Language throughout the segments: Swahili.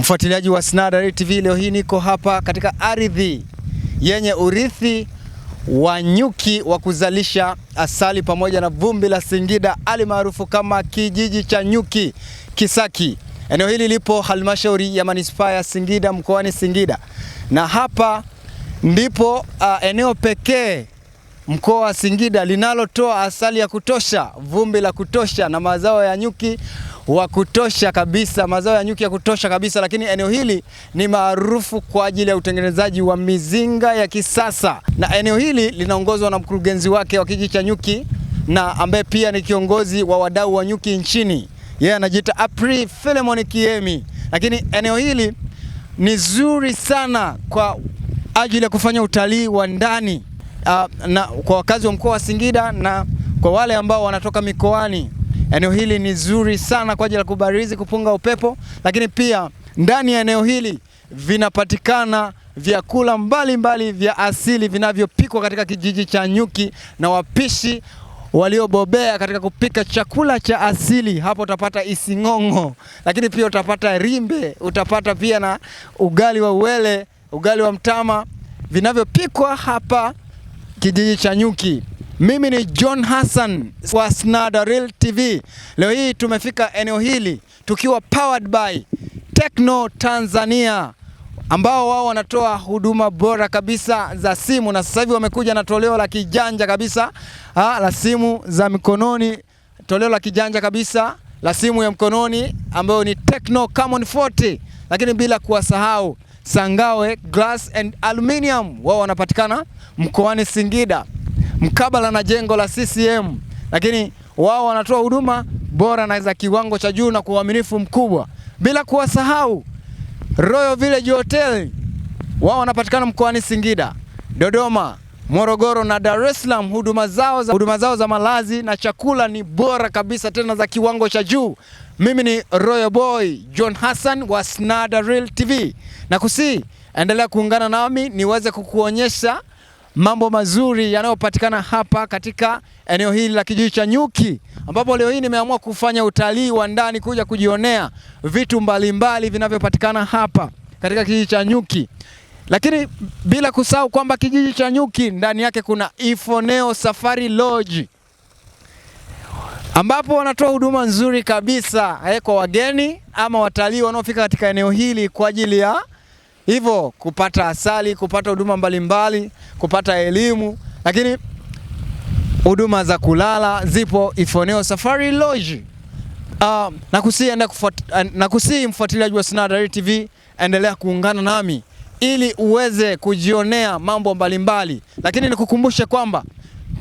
Mfuatiliaji wa Snada TV, leo hii niko hapa katika ardhi yenye urithi wa nyuki wa kuzalisha asali pamoja na vumbi la Singida maarufu kama kijiji cha nyuki Kisaki. Eneo hili lipo halmashauri ya manispaa ya Singida mkoani Singida, na hapa ndipo uh, eneo pekee mkoa wa Singida linalotoa asali ya kutosha, vumbi la kutosha na mazao ya nyuki wa kutosha kabisa, mazao ya nyuki ya kutosha kabisa. Lakini eneo hili ni maarufu kwa ajili ya utengenezaji wa mizinga ya kisasa, na eneo hili linaongozwa na mkurugenzi wake wa kijiji cha nyuki na ambaye pia ni kiongozi wa wadau wa nyuki nchini. Yeye anajiita Apri Philemon Kiemi. Lakini eneo hili ni zuri sana kwa ajili ya kufanya utalii wa ndani uh, na, kwa wakazi wa mkoa wa Singida na kwa wale ambao wanatoka mikoani, eneo hili ni zuri sana kwa ajili ya kubarizi, kupunga upepo, lakini pia ndani ya eneo hili vinapatikana vyakula mbalimbali vya asili vinavyopikwa katika kijiji cha nyuki na wapishi waliobobea katika kupika chakula cha asili. Hapo utapata ising'ong'o, lakini pia utapata rimbe, utapata pia na ugali wa uwele, ugali wa mtama, vinavyopikwa hapa kijiji cha nyuki. Mimi ni John Hassan wa Real TV. Leo hii tumefika eneo hili tukiwa powered by Tecno Tanzania ambao wao wanatoa huduma bora kabisa za simu, na sasa hivi wamekuja na toleo la kijanja kabisa ha, la simu za mikononi, toleo la kijanja kabisa la simu ya mkononi ambayo ni Tecno Common 40, lakini bila kuwasahau Sangawe eh, Glass and Aluminium, wao wanapatikana mkoani Singida mkabala na jengo la CCM, lakini wao wanatoa huduma bora na za kiwango cha juu na kwa uaminifu mkubwa, bila kuwasahau Royal Village Hotel, wao wanapatikana mkoani Singida, Dodoma, Morogoro na Dar es Salaam. Huduma zao za, huduma zao za malazi na chakula ni bora kabisa, tena za kiwango cha juu. Mimi ni Royal Boy John Hassan wa Snada Real TV, na kusi endelea kuungana nami niweze kukuonyesha mambo mazuri yanayopatikana hapa katika eneo hili la kijiji cha Nyuki, ambapo leo hii nimeamua kufanya utalii wa ndani kuja kujionea vitu mbalimbali vinavyopatikana hapa katika kijiji cha Nyuki, lakini bila kusahau kwamba kijiji cha Nyuki ndani yake kuna Ifoneo Safari Lodge ambapo wanatoa huduma nzuri kabisa eh, kwa wageni ama watalii wanaofika katika eneo hili kwa ajili ya hivyo kupata asali, kupata huduma mbalimbali, kupata elimu, lakini huduma za kulala zipo Ifoneo Safari Lodge. Uh, ah, nakusii eh, mfuatiliaji wa Sinada TV, endelea kuungana nami ili uweze kujionea mambo mbalimbali, lakini nikukumbushe kwamba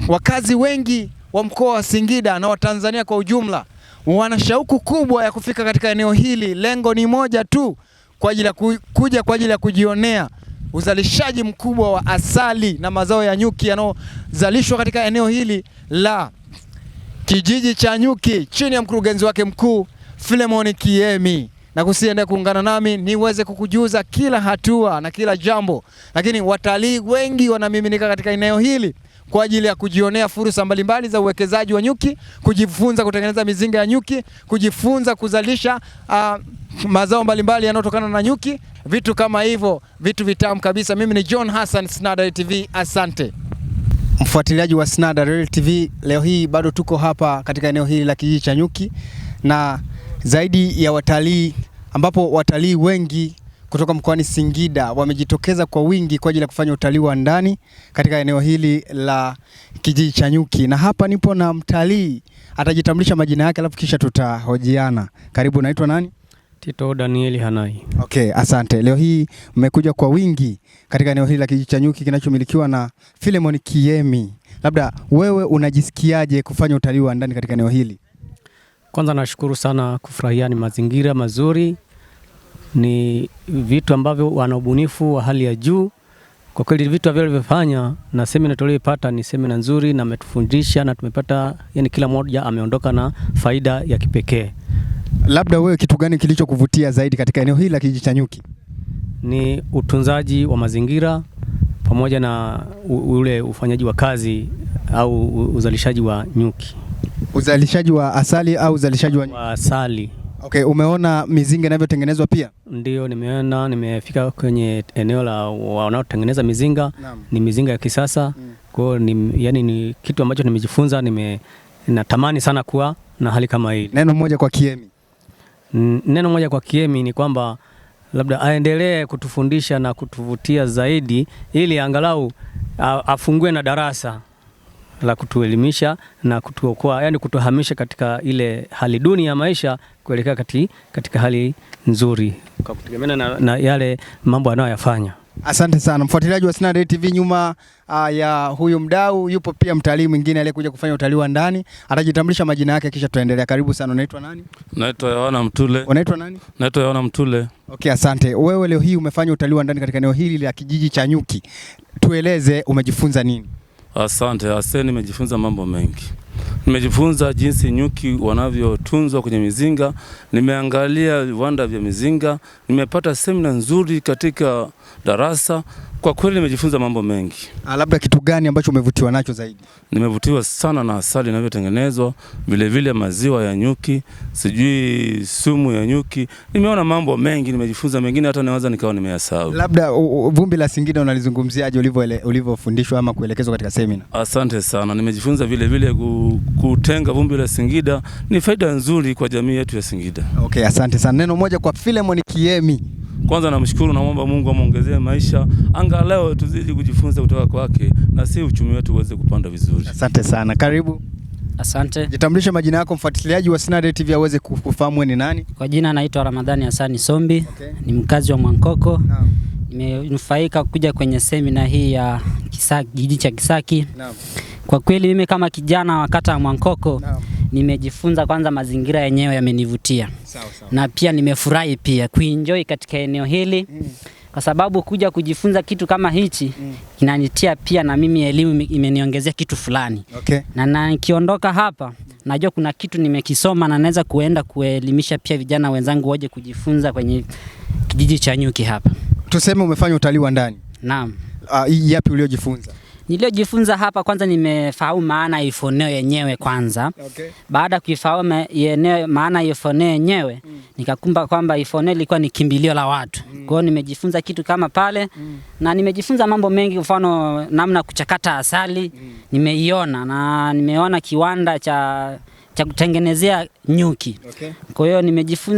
wakazi wengi wa mkoa wa Singida na Watanzania kwa ujumla wana shauku kubwa ya kufika katika eneo hili. Lengo ni moja tu, kwa ajili ya kuja kwa ajili ya kujionea uzalishaji mkubwa wa asali na mazao ya nyuki yanayozalishwa katika eneo hili la kijiji cha nyuki chini ya mkurugenzi wake mkuu Philemon Kiemi, na kusiende kuungana nami niweze kukujuza kila hatua na kila jambo, lakini watalii wengi wanamiminika katika eneo hili kwa ajili ya kujionea fursa mbalimbali za uwekezaji wa nyuki, kujifunza kutengeneza mizinga ya nyuki, kujifunza kuzalisha uh, mazao mbalimbali yanayotokana na nyuki, vitu kama hivyo, vitu vitamu kabisa. Mimi ni John Hassan, Snada TV, asante. Mfuatiliaji wa Snada Real TV, leo hii bado tuko hapa katika eneo hili la kijiji cha nyuki na zaidi ya watalii ambapo watalii wengi kutoka mkoani Singida wamejitokeza kwa wingi kwa ajili ya kufanya utalii wa ndani katika eneo hili la kijiji cha nyuki, na hapa nipo na mtalii atajitambulisha majina yake, alafu kisha tutahojiana. Karibu, naitwa nani? Tito Danieli Hanai. Okay, asante. Leo hii mmekuja kwa wingi katika eneo hili la kijiji cha nyuki kinachomilikiwa na Philemon Kiemi. Labda wewe unajisikiaje kufanya utalii wa ndani katika eneo hili? Kwanza nashukuru sana kufurahia, ni mazingira mazuri ni vitu ambavyo wana ubunifu wa hali ya juu. Kwa kweli vitu alivyofanya na semina tuliyopata ni semina nzuri, na ametufundisha na tumepata, yani kila mmoja ameondoka na faida ya kipekee. Labda wewe, kitu gani kilichokuvutia zaidi katika eneo hili la kijiji cha nyuki? Ni utunzaji wa mazingira pamoja na ule ufanyaji wa kazi au uzalishaji wa nyuki, uzalishaji wa asali au uzalishaji wa, wa asali Okay, umeona mizinga inavyotengenezwa pia? Ndio, nimeona nimefika kwenye eneo la wanaotengeneza mizinga. Naam. Ni mizinga ya kisasa mm. Kwa ni, yani ni kitu ambacho nimejifunza, nime natamani sana kuwa na hali kama hii. Neno moja kwa Kiemi, neno moja kwa Kiemi ni kwamba labda aendelee kutufundisha na kutuvutia zaidi, ili angalau afungue na darasa la kutuelimisha na kutuokoa, yani kutuhamisha katika ile hali duni ya maisha kuelekea kati, katika hali nzuri kwa kutegemeana na, na yale mambo anayoyafanya. Asante sana mfuatiliaji wa Sinada TV. Nyuma uh, ya huyu mdau yupo pia mtalii mwingine aliyekuja kufanya utalii wa ndani, atajitambulisha majina yake kisha tutaendelea. Karibu sana. Unaitwa nani? Naitwa Yohana Mtule. Unaitwa nani? Naitwa Yohana Mtule. Okay, asante. Wewe leo hii umefanya utalii wa ndani katika eneo hili la kijiji cha Nyuki, tueleze umejifunza nini? Asante Ase, nimejifunza mambo mengi. Nimejifunza jinsi nyuki wanavyotunzwa kwenye mizinga, nimeangalia viwanda vya mizinga, nimepata semina nzuri katika darasa kwa kweli nimejifunza mambo mengi. Ah, labda kitu gani ambacho umevutiwa nacho zaidi? Nimevutiwa sana na asali inavyotengenezwa, vilevile maziwa ya nyuki, sijui sumu ya nyuki. Nimeona mambo mengi, nimejifunza mengine hata naweza nikawa nimeyasahau. Labda vumbi la Singida unalizungumziaje ulivyofundishwa ama kuelekezwa katika semina? Asante sana, nimejifunza vilevile kutenga vumbi la Singida, ni faida nzuri kwa jamii yetu ya Singida. Okay, asante sana. Neno moja kwa Philemon Kiemi. Kwanza namshukuru, namwomba Mungu amwongezee maisha, angalau tuzidi kujifunza kutoka kwake na si uchumi wetu uweze kupanda vizuri. Asante sana, karibu. Asante. Jitambulishe majina yako, mfuatiliaji wa Snada TV aweze kufahamu ni nani. Kwa jina naitwa Ramadhani Hasani Sombi. Okay. Ni mkazi wa Mwankoko. Naam. Nimenufaika kuja kwenye semina hii ya jiji cha Kisaki. Naam. Kwa kweli mimi kama kijana wa kata ya Mwankoko nimejifunza kwanza, mazingira yenyewe yamenivutia na pia nimefurahi pia kuenjoy katika eneo hili mm. kwa sababu kuja kujifunza kitu kama hichi mm. inanitia pia na mimi elimu imeniongezea kitu fulani okay. na nikiondoka hapa najua kuna kitu nimekisoma na naweza kuenda kuelimisha pia vijana wenzangu waje kujifunza kwenye kijiji cha Nyuki hapa. Tuseme umefanya utalii wa ndani. Naam. Uh, yapi uliojifunza? Niliyojifunza hapa kwanza, nimefahamu maana ya ifoneo yenyewe kwanza. Okay. Baada ya kuifahamu yenyewe maana ya ifoneo yenyewe mm. nikakumba kwamba ifoneo ilikuwa ni kimbilio la watu mm. kwa hiyo nimejifunza kitu kama pale mm. na nimejifunza mambo mengi, mfano namna kuchakata asali mm. nimeiona na nimeona kiwanda cha cha kutengenezea nyuki. Okay. Kwa hiyo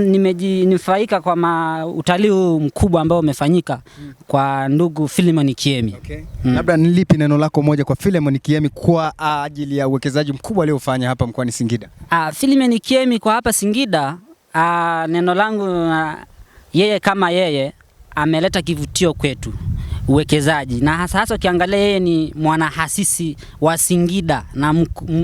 nimejinufaika kwa utalii huu mkubwa ambao umefanyika mm. kwa ndugu Philemon Kiemi. Okay. Mm. Labda nilipi neno lako moja kwa Philemon Kiemi kwa ajili ya uwekezaji mkubwa aliofanya hapa mkoani Singida. Ah, Philemon Kiemi kwa hapa Singida, ah, neno langu, ah, yeye kama yeye ameleta kivutio kwetu uwekezaji, na hasa hasa ukiangalia yeye ni mwanahasisi wa Singida na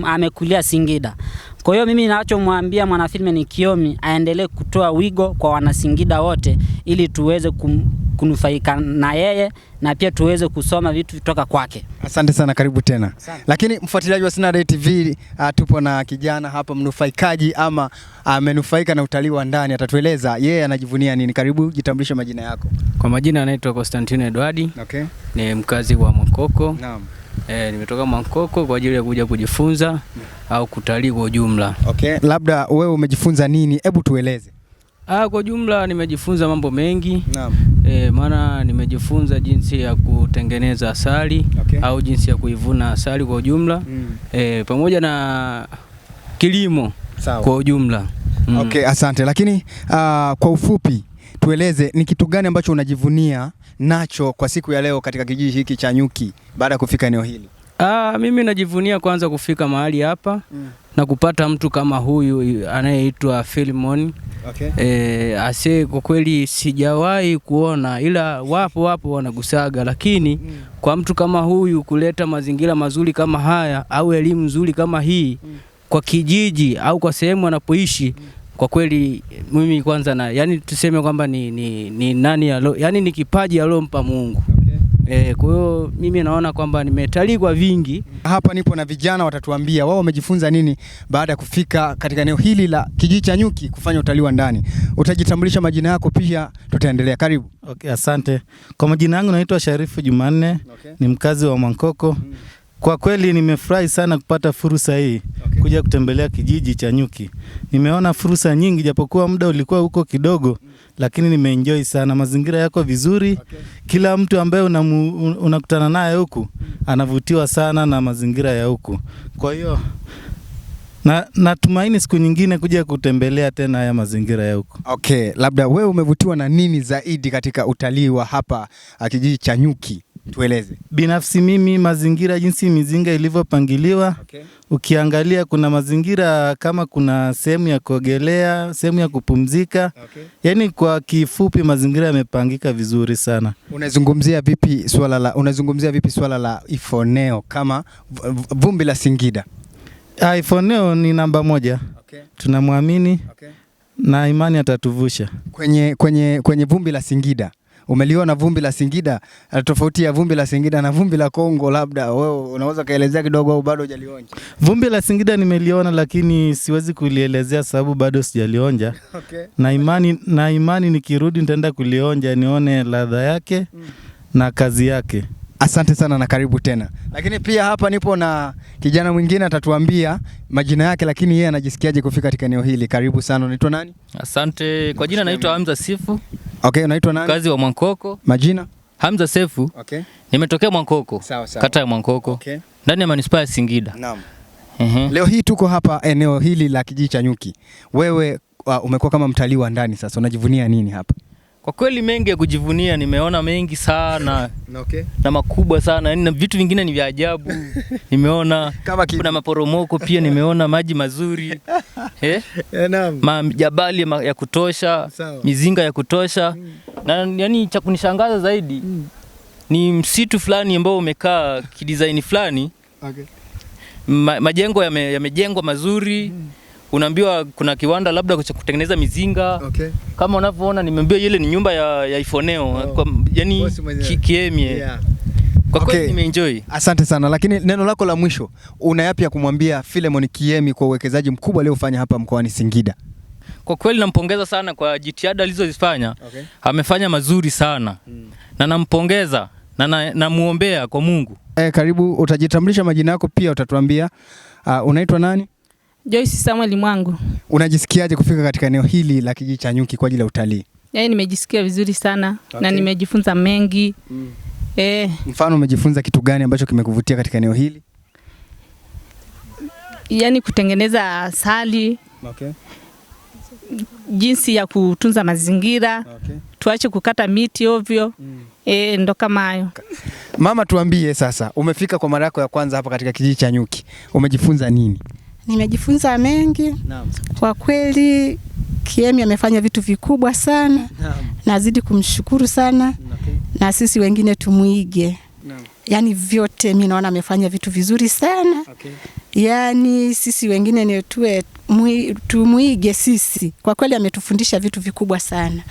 amekulia Singida. Kwa hiyo mimi ninachomwambia mwanafilme kiomi aendelee kutoa wigo kwa wanasingida wote ili tuweze kum kunufaika na yeye na pia tuweze kusoma vitu kutoka kwake. Asante sana, karibu tena asante. Lakini mfuatiliaji wa Sinada TV uh, ah, tupo na kijana hapa mnufaikaji ama amenufaika uh, na utalii wa ndani, atatueleza yeye yeah, anajivunia nini. Karibu, jitambulishe majina yako. Kwa majina anaitwa Constantine Edwardi. Okay. Ni mkazi wa Mwakoko. Naam. E, nimetoka mwankoko kwa ajili ya kuja kujifunza au kutalii kwa ujumla. Okay. Labda wewe umejifunza nini? Hebu tueleze. Ah, kwa jumla nimejifunza mambo mengi. Naam. E, maana nimejifunza jinsi ya kutengeneza asali okay, au jinsi ya kuivuna asali kwa ujumla mm. E, pamoja na kilimo Sao. kwa ujumla mm. Okay, asante. Lakini uh, kwa ufupi tueleze ni kitu gani ambacho unajivunia nacho kwa siku ya leo katika kijiji hiki cha Nyuki baada ya kufika eneo hili? Ah, mimi najivunia kwanza kufika mahali hapa mm na kupata mtu kama huyu anayeitwa Philmon okay. E, ase kwa kweli sijawahi kuona, ila wapo wapo wanagusaga, lakini mm. kwa mtu kama huyu kuleta mazingira mazuri kama haya au elimu nzuri kama hii mm. kwa kijiji au kwa sehemu anapoishi mm. Kwa kweli mimi kwanza na yani tuseme kwamba ni, ni, ni nani alo, yani ni kipaji alompa Mungu. Eh, kwa hiyo mimi naona kwamba nimetalikwa vingi. Hapa nipo na vijana watatuambia wao wamejifunza nini baada ya kufika katika eneo hili la kijiji cha nyuki kufanya utalii wa ndani. Utajitambulisha majina yako pia tutaendelea. Karibu. Okay, asante. Kwa majina yangu naitwa Sharifu Jumanne. Okay. Ni mkazi wa Mwankoko. Hmm. Kwa kweli nimefurahi sana kupata fursa hii okay, kuja kutembelea kijiji cha nyuki. Nimeona fursa nyingi, japokuwa muda ulikuwa huko kidogo, lakini nimeenjoy sana. Mazingira yako vizuri okay. Kila mtu ambaye unakutana naye huku anavutiwa sana na mazingira ya huku, kwa hiyo na natumaini siku nyingine kuja kutembelea tena haya mazingira ya huko. Okay, labda wewe umevutiwa na nini zaidi katika utalii wa hapa ah, kijiji cha nyuki? Tueleze. Binafsi mimi mazingira jinsi mizinga ilivyopangiliwa okay. Ukiangalia kuna mazingira kama kuna sehemu ya kuogelea, sehemu ya kupumzika okay. Yaani kwa kifupi mazingira yamepangika vizuri sana. Unazungumzia vipi swala la, unazungumzia vipi swala la Ifoneo kama vumbi la Singida? Ah, Ifoneo ni namba moja okay. Tunamwamini okay. Na imani atatuvusha kwenye, kwenye, kwenye vumbi la Singida umeliona vumbi la Singida, eh, tofauti ya vumbi la Singida na vumbi la Kongo, labda wewe unaweza kaelezea kidogo, au bado hujalionja? Vumbi la Singida nimeliona, lakini siwezi kulielezea sababu bado sijalionja. Okay. Na imani, na imani nikirudi nitaenda kulionja nione ladha yake mm. na kazi yake. Asante sana na karibu tena. Lakini pia hapa nipo na kijana mwingine atatuambia majina yake, lakini yeye anajisikiaje kufika katika eneo hili. Karibu sana, unaitwa nani? Asante kwa jina, naitwa Hamza Sifu. Okay, unaitwa nani? Kazi wa Mwankoko. Majina Hamza Sefu. Okay. Nimetokea Mwankoko. Sawa sawa. Kata ya Mwankoko. Okay. Ndani ya manispaa ya Singida. Naam. Uhum. Leo hii tuko hapa eneo hili la kijiji cha nyuki. Wewe uh, umekuwa kama mtalii wa ndani sasa unajivunia nini hapa? Kwa kweli mengi ya kujivunia, nimeona mengi sana okay. na makubwa sana yani, na vitu vingine ni vya ajabu nimeona kuna maporomoko pia nimeona maji mazuri eh? yeah, eh, majabali ma ya kutosha Sao. mizinga ya kutosha mm. na yani, cha kunishangaza zaidi mm. ni msitu fulani ambao umekaa kidizaini fulani okay. ma majengo yamejengwa yame mazuri mm unaambiwa kuna kiwanda labda cha kutengeneza mizinga okay. Kama unavyoona nimeambiwa ile ni nyumba ya, ya Ifoneo oh. Kwa, yani ki, kiemie yeah. Kwa okay. Kweli nimeenjoy. Asante sana, lakini neno lako la mwisho una yapi ya kumwambia Filemon Kiemi kwa uwekezaji mkubwa aliofanya hapa mkoani Singida? Kwa kweli nampongeza sana kwa jitihada alizozifanya okay. Amefanya mazuri sana hmm. Na nampongeza na namuombea na kwa Mungu. Eh, karibu utajitambulisha majina yako pia utatuambia uh, unaitwa nani? Joyce Samuel Mwangu. Unajisikiaje kufika katika eneo hili la kijiji cha Nyuki kwa ajili ya utalii? Yaani nimejisikia vizuri sana okay. na nimejifunza mengi mm. eh. Mfano, umejifunza kitu gani ambacho kimekuvutia katika eneo hili? Yaani kutengeneza asali okay. jinsi ya kutunza mazingira okay. tuache kukata miti ovyo mm. eh, ndo kama hayo. Mama, tuambie sasa, umefika kwa mara yako ya kwanza hapa katika kijiji cha Nyuki, umejifunza nini? nimejifunza mengi naam. Kwa kweli Kiemi amefanya vitu vikubwa sana naam. Nazidi kumshukuru sana naam. Na sisi wengine tumwige naam. Yani vyote mi naona amefanya vitu vizuri sana okay. Yani sisi wengine ni tuwe tumwige sisi, kwa kweli ametufundisha vitu vikubwa sana.